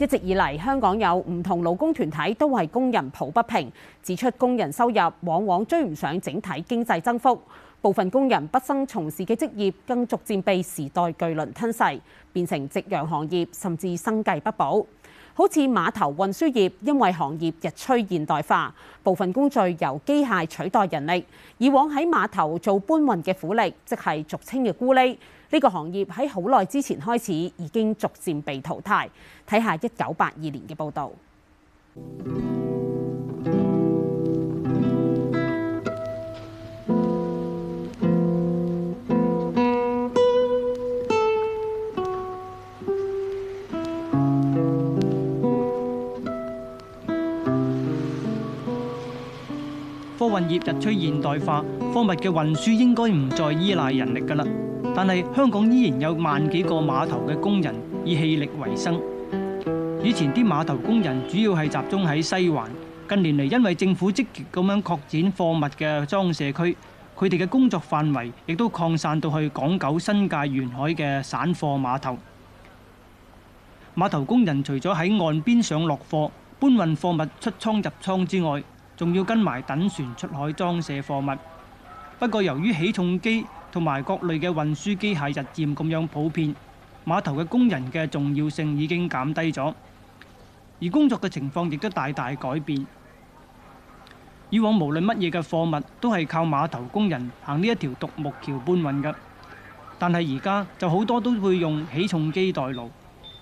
一直以嚟，香港有唔同勞工團體都為工人抱不平，指出工人收入往往追唔上整體經濟增幅，部分工人畢生從事嘅職業，更逐漸被時代巨輪吞噬，變成夕陽行業，甚至生計不保。好似碼頭運輸業，因為行業日趨現代化，部分工序由機械取代人力。以往喺碼頭做搬運嘅苦力，即係俗稱嘅咕喱。呢、這個行業喺好耐之前開始已經逐漸被淘汰。睇下一九八二年嘅報導。貨運業日趨現代化，貨物嘅運輸應該唔再依賴人力㗎啦。但係香港依然有萬幾個碼頭嘅工人以氣力為生。以前啲碼頭工人主要係集中喺西環，近年嚟因為政府積極咁樣擴展貨物嘅裝卸區，佢哋嘅工作範圍亦都擴散到去港九新界沿海嘅散貨碼頭。碼頭工人除咗喺岸邊上落貨、搬運貨物出倉入倉之外，仲要跟埋等船出海裝卸貨物。不過由於起重機同埋各類嘅運輸機械日漸咁樣普遍，碼頭嘅工人嘅重要性已經減低咗，而工作嘅情況亦都大大改變。以往無論乜嘢嘅貨物都係靠碼頭工人行呢一條獨木橋搬運嘅，但係而家就好多都會用起重機代勞，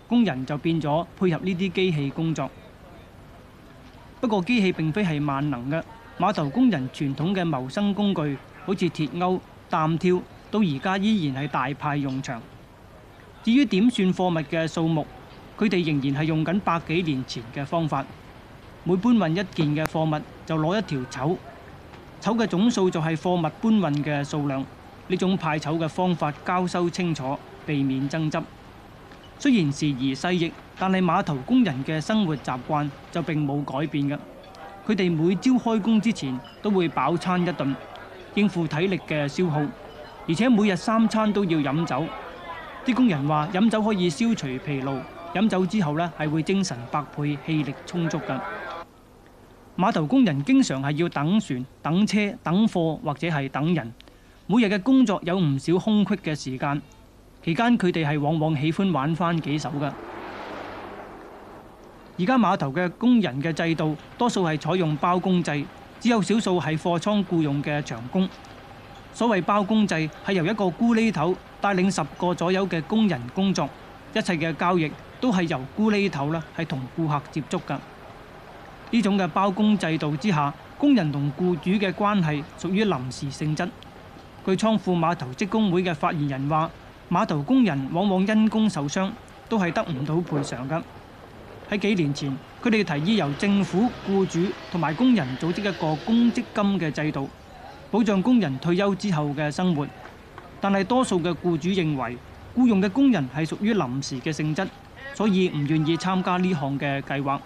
工人就變咗配合呢啲機器工作。不過機器並非係萬能嘅，碼頭工人傳統嘅謀生工具，好似鐵鉤、擔挑，到而家依然係大派用場。至於點算貨物嘅數目，佢哋仍然係用緊百幾年前嘅方法，每搬運一件嘅貨物就攞一條籌，籌嘅總數就係貨物搬運嘅數量。呢種派籌嘅方法交收清楚，避免爭執。雖然時移世易，但係碼頭工人嘅生活習慣就並冇改變㗎。佢哋每朝開工之前都會飽餐一頓，應付體力嘅消耗，而且每日三餐都要飲酒。啲工人話飲酒可以消除疲勞，飲酒之後呢係會精神百倍、氣力充足㗎。碼頭工人經常係要等船、等車、等貨或者係等人，每日嘅工作有唔少空隙嘅時間，期間佢哋係往往喜歡玩翻幾手㗎。而家碼頭嘅工人嘅制度，多數係採用包工制，只有少數係貨倉僱用嘅長工。所謂包工制係由一個咕喱頭帶領十個左右嘅工人工作，一切嘅交易都係由咕喱頭啦，係同顧客接觸㗎。呢種嘅包工制度之下，工人同僱主嘅關係屬於臨時性質。據倉庫碼頭職工會嘅發言人話，碼頭工人往往因工受傷，都係得唔到賠償㗎。喺幾年前，佢哋提議由政府、雇主同埋工人組織一個公積金嘅制度，保障工人退休之後嘅生活。但係多數嘅雇主認為，僱用嘅工人係屬於臨時嘅性質，所以唔願意參加呢項嘅計劃。